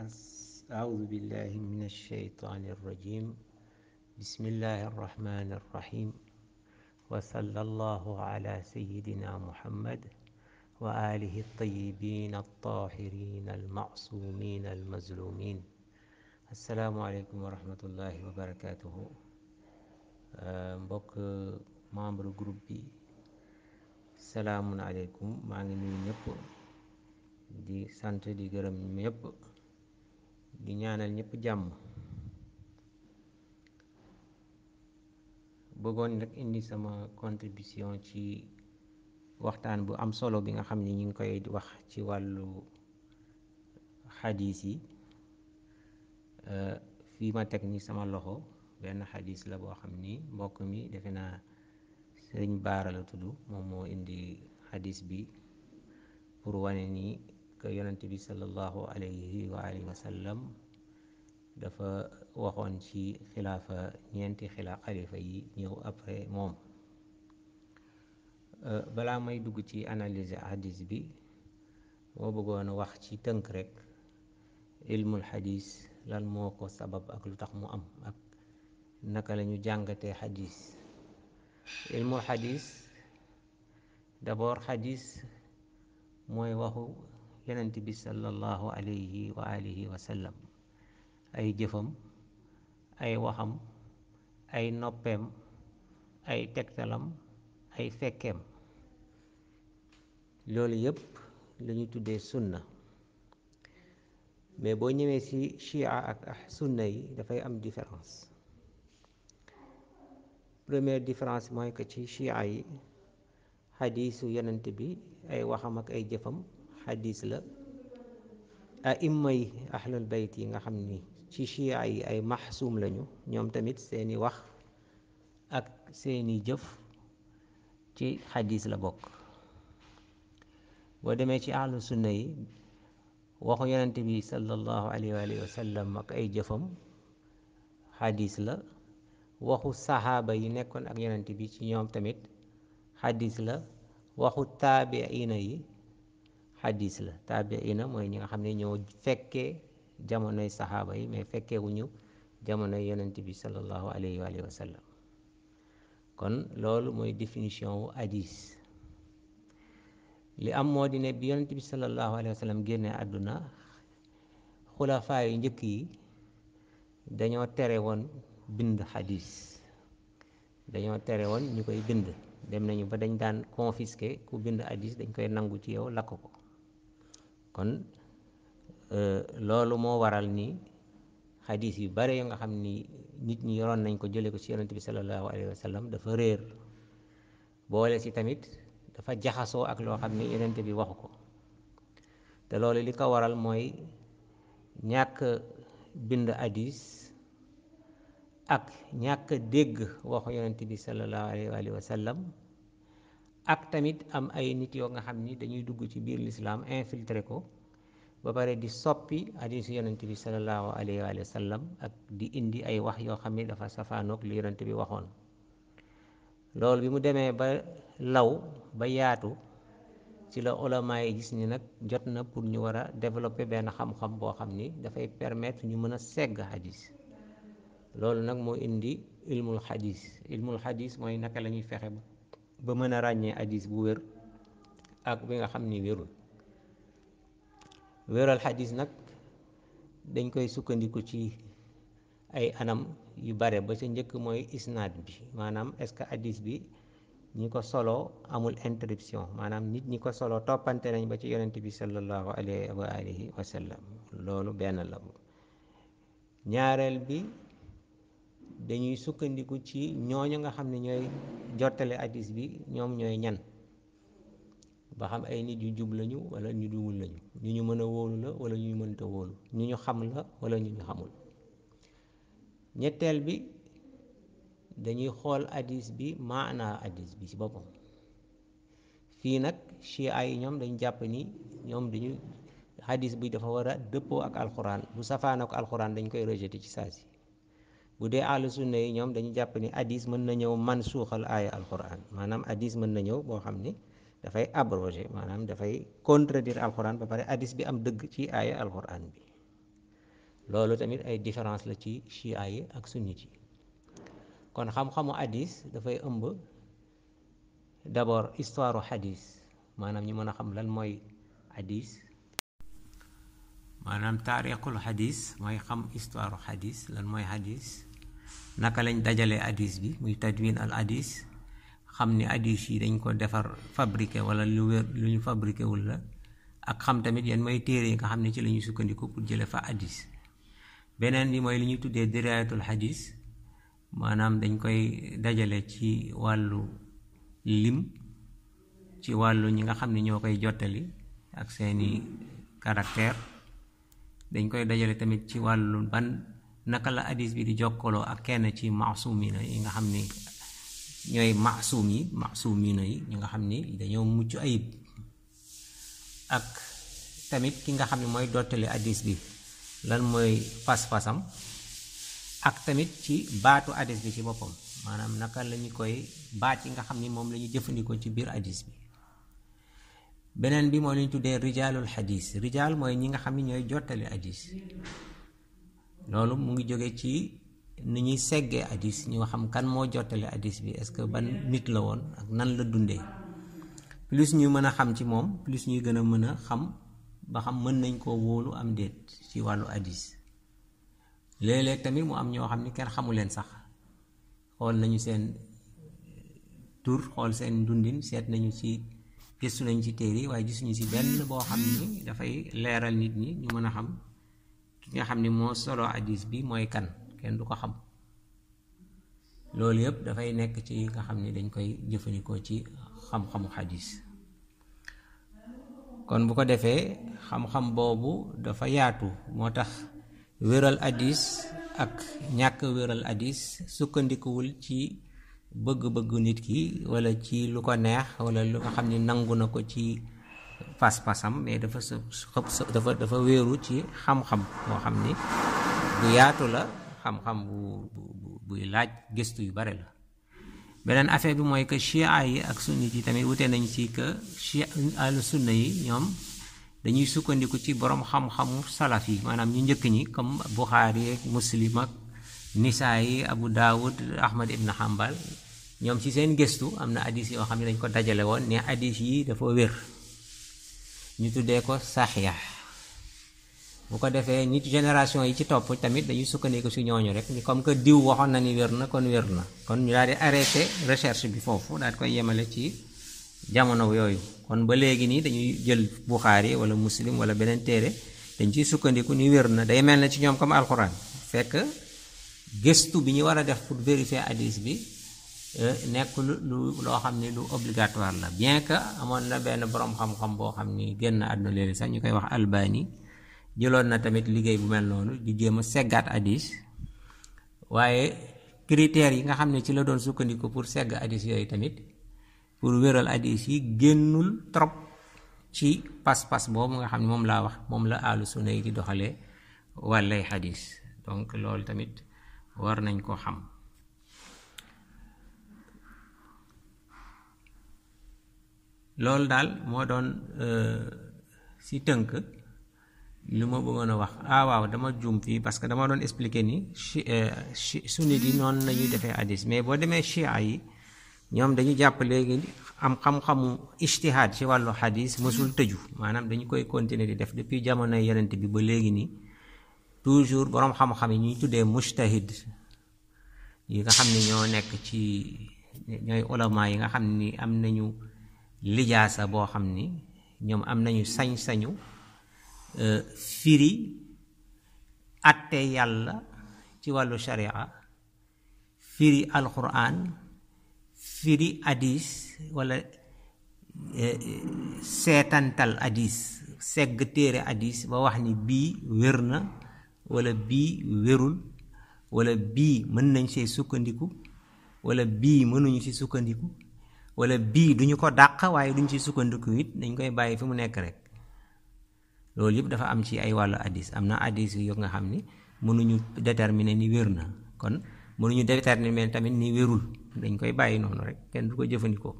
أعوذ بالله من الشيطان الرجيم بسم الله الرحمن الرحيم وصلى الله على سيدنا محمد وآله الطيبين الطاهرين المعصومين المظلومين السلام عليكم ورحمة الله وبركاته mbokk membre groupe bi salaamun aleykum maa ngi nuyu ñëpp di sant di gërëm ñëpp di ñaanal ñëpp jàmm bëggoon rek indi sama contribution ci waxtaan bu am solo bi nga xam ne ñu ngi koy wax ci wàllu xadis yi euh, fii ma teg ni sama loxo benn xadis la boo xam ni mbokk mi defe naa sëriñ baara la tudd moom moo indi xadis bi pour wane nii que yonent bi sallallahu alayhi wa alihi wa sallam dafa waxoon ci xilaafa ñeenti xila xalifa yi ñëw après moom euh, balaa may dugg ci analyse hadis bi moo bëggoon wax ci tënk rek ilmul hadis lan moo ko sabab ak lu tax mu am ak naka lañu jàngatee hadis ilmul hadis d'abord hadis mooy waxu yonent bi sallallahu alayhi wa alihi wa sallam ay jëfam ay waxam ay noppeem ay tegtalam ay fekkeem loolu yépp la ñu tuddee sunna mais boo ñëwee ci chia ak ah sunna yi dafay am différence première différence mooy que ci chia yi xadiisu yonent bi ay waxam ak ay jëfam xadis la aimma yi ahlul bayt yi nga xam ni ci chia yi ay maxsuum lañu ñoom tamit seeni wax ak seeni jëf ci xadis la bokk boo demee ci ahlu sunna yi waxu yonente bi sallallahu alayhi wa sallam ak ay jëfam xadis la waxu saxaaba yi nekkoon ak yonente bi ci ñoom tamit xadis la waxu taabiina yi xadis la taabiina mooy ñi nga xam ne ñoo fekkee jamonoy saxaaba yi mais fekkee wu ñu jamonoy yonent bi sallallahu alayhi wa sallam kon loolu mooy définition wu hadis li am moo di ne bi yonent bi sallallahu alayhi wa génne àdduna xulafaa yu njëkk yi dañoo tere woon bind xadis dañoo tere woon ñu koy bind dem nañu ba dañ daan confisquer ku bind hadis dañ koy nangu ci yow lakk ko kon euh, loolu moo waral ni xadis yu bare yu nga xam ni nit ñi yoroon nañ ko jëlee ko ci yonent bi sallallahu alayhi wa sallam dafa réer boole si tamit dafa jaxasoo ak loo xam ni yonent bi waxu ko te loolu li ko waral mooy ñàkk bind hadis ak ñàkk dégg waxu yonent bi sallallahu alayhi wa sallam ak tamit am ay nit yoo nga xam ni dañuy dugg ci biir lislaam infiltré ko ba pare di soppi hadisu yonent bi sallallahu alayhi wa sallam ak di indi ay wax yoo xam ni dafa safaanoog li yonent bi waxoon loolu bi mu demee ba law ba yaatu ci la ulama yi gis ni nag jot na pour ñu war a développer benn xam-xam boo xam ni dafay permettre ñu mën a segg hadis loolu nag moo indi ilmul hadis ilmul hadis mooy naka lañuy fexe ba mën a ràññee hadis bu wér ak bi nga xam ni wérul wéral hadis nag dañ koy sukkandiku ci ay anam yu bare ba ca njëkk mooy isnaad bi maanaam est-ce que hadis bi ñi ko soloo amul interruption maanaam nit ñi ko soloo toppante nañ ba ci yonent bi sallallahu alayhi wa alihi loolu benn la ñaareel bi dañuy sukkandiku ci ñooñu nga xam ne ñooy jottale hadis bi ñoom ñooy ñan ba xam ay nit yu jub lañu wala ñu duwul lañu ñu ñu mën a wóolu la wala ñu ñu mënta wóolu ñu ñu xam la wala ñu ñu xamul ñetteel bi dañuy xool hadis bi maanaa hadis bi ci boppam fii nag ay yi ñoom dañ jàpp ni ñoom dañu hadis bi dafa war a dëppoo ak alxuraan bu safaanoo ak alxuraan dañ koy rejeté ci saa si bu dee ahlu sunna yi ñoom dañu jàpp ni hadis mën na ñëw man suuxal aaya alquran maanaam hadis mën na ñëw boo xam ni dafay abrogé maanaam dafay contredire alquran ba pare hadis bi am dëgg ci aaya alquran bi loolu tamit ay différence la ci chia yi ak sunnit yi kon xam-xamu hadis dafay ëmb d'abord histoire hadis maanaam ñu mën a xam lan mooy hadis maanaam taarixul hadis mooy xam histoire hadis lan mooy hadis naka lañ dajalee hadis bi muy tadwin al hadis xam ni hadis yi dañ ko defar fabriqué wala lu wér lu ñu fabriqué wul la ak xam tamit yan mooy téere yi nga xam ne ci la ñuy sukkandiku pour jële fa hadis beneen yi mooy li ñuy tuddee dirayatul hadis maanaam dañ koy dajale ci wàllu lim ci wàllu ñi nga xam ni ñoo koy jottali ak seeni caractère dañ koy dajale tamit ci wàllu ban naka la hadis bi di jokkaloo ak kenn ci maasumiina yi nga xam ni ñooy maasum yi maasumiina yi ñi nga xam ni dañoo mucc ayib ak tamit ki nga xam ne mooy dottali hadis bi lan mooy fas ak tamit ci baatu hadis bi ci boppam maanaam naka lañu koy baat yi nga xam ni moom la ñu jëfandikoo ci biir hadis bi beneen bi moo lañu tuddee rijaalul hadis rijaal mooy ñi nga xam ni ñooy jottali hadis loolu mu ngi jóge ci ni ñuy seggee hadis ñu xam kan moo jottale hadis bi est-ce que ban nit la woon ak nan la dundee plus ñu mën a xam ci moom plus ñuy gën a mën a xam ba xam mën nañ koo wóolu am déet ci wàllu hadis léeg tamit mu am ñoo xam ni kenn xamu leen sax xool nañu seen tur xool seen dundin seet nañu ci gëstu nañ ci téere yi waaye gisuñu ci benn boo xam ni dafay leeral nit ñi ñu mën a xam ki nga xam ni moo solo hadis bi mooy kan kenn du ko xam loolu yëpp dafay nekk ci yi nga xam ni dañ koy jëfandikoo ci xam-xamu hadis kon bu ko defee xam-xam boobu dafa yaatu moo tax wéral hadis ak ñàkk wéral hadis sukkandikuwul ci bëgg-bëggu nit ki wala ci lu ko neex wala lu nga xam ni nangu na ko ci pas-pasam mais dafa sa xëpp dafa dafa wéeru ci xam-xam moo xam ni bu yaatu la xam-xam bu buy laaj gëstu yu bare la beneen affaire bi mooy que chia yi ak sunni yi tamit wute nañ ci que chia ahlu sunna yi ñoom dañuy sukkandiku ci boroom xam-xamu salaf yi maanaam ñu njëkk ñi comme Buxaari ak Muslim ak Nisaayi Abu Daawud Ahmad ibn Hanbal ñoom ci seen gëstu am na hadis yoo xam ne dañ ko dajale woon ne hadis yi dafa wér ñu tuddee ko saxiya bu ko defee nit ci yi ci topp tamit dañuy sukkandiku si ñooñu rek comme que diw waxoon na ni wér na kon wér na kon ñu daal di arrêté recherche bi foofu daal koy yemale ci jamono yooyu kon ba léegi nii dañuy jël buxaari wala muslim wala beneen téere dañ ciy sukkandiku ni wér na day mel na ci ñoom comme alxuraan fekk gëstu bi ñu war a def pour vérifier hadis bi Euh, nekk lu lu loo xam ne lu obligatoire la bien que amoon na benn boroom xam-xam boo xam ni génn àdduna léegi sax ñu koy wax albani jëloon na tamit liggéey bu mel noonu di jéem a seggaat hadis waaye critères yi nga xam ne ci la doon sukkandiku pour segg hadis yooyu tamit pour wéral hadis yi génnul trop ci pas-pas boobu nga xam ne moom laa wax moom la ahlu sunna yi di doxalee wàllay hadis donc loolu tamit war nañ ko xam loolu daal moo doon euh, si tënk lu ma bëggoon a wax ah waaw dama jum fii parce que dama doon expliquer ni chi euh, chi sunnit yi noonu la ñuy defee hadis mais boo demee chia yi ñoom dañu jàpp léegi am xam-xamu ijtihaad ci wàllu hadis mësul tëju maanaam dañu koy continuer di def depuis jamono yonent bi ba léegi nii toujours boroom xam-xam yi ñuy tuddee mujtahid yi nga xam ne ñoo nekk ci ñooy ulama yi nga xam ni am nañu. lijaasa boo xam ni ñoom am nañu sañ-sañu euh, firi atte yàlla ci wàllu sharia firi alquran firi hadis walla euh, seetantal hadis segg téere hadis ba wax ni bii wér na wala bii wérul walla bii mën nañ see sukkandiku wala bii mënuñu si sukkandiku wala bii duñu ko dàq waaye duñ ci sukkandiku it dañ koy bàyyi fi mu nekk rek loolu yëpp dafa am ci ay wàllu addis am na addis yu nga xam ni mënuñu déterminer ni wér na kon mënuñu déterminer tamit ni wérul dañ koy bàyyi noonu rek kenn du ko jëfandikoo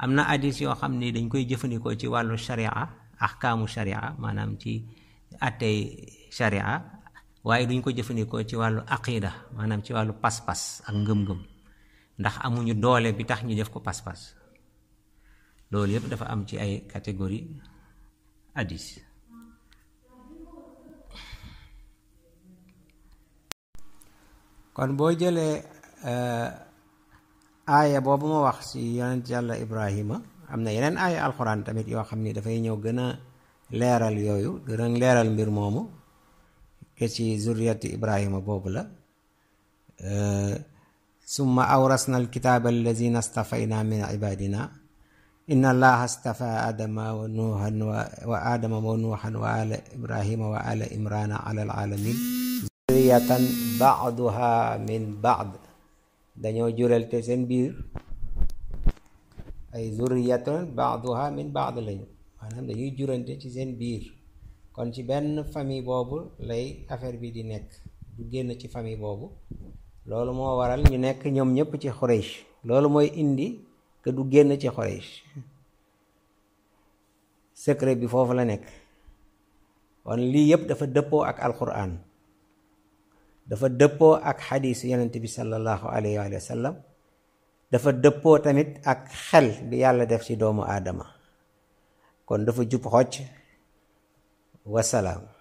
am na addis yoo xam ni dañ koy jëfandikoo ci wàllu sharia ahkaamu sharia maanaam ci attey sharia waaye duñ ko jëfandikoo ci wàllu aqida maanaam ci wàllu pas-pas ak ngëm-ngëm ndax amuñu doole bi tax ñu def ko pas-pas loolu yépp dafa am ci ay catégorie hadis kon boo jëlee euh, aaya boobu ma wax ci yonent yàlla ibrahima am na yeneen aaya alxuraan tamit yoo xam ni dafay ñëw gën a leeral yooyu gën a leeral mbir moomu ke ci zurriyati ibrahima boobu la euh, summa awrasna alkitaaba alladina stafayna min ibadina inna allaha stafa adama wa nuuhan wa adama wa nuuhan wa ala ibrahima wa ala imrana ala alalamin zuriyatan baaduha min baad dañoo jurelte seen biir ay zuriyatan baaduha min baad lañu maanaam dañuy jurante ci seen biir kon ci benn famille boobu lay affaire bi di nekk du génn ci famille boobu loolu moo waral ñu nekk ñoom ñépp ci Quraysh loolu mooy indi que du génn ci Quraysh secret bi foofu la nekk kon lii yëpp dafa dëppoo ak alquran dafa dëppoo ak xadiis yonent bi sallallahu alayhi wa sallam dafa dëppoo tamit ak xel bi yàlla def ci doomu aadama kon dafa jub xocc wasalaam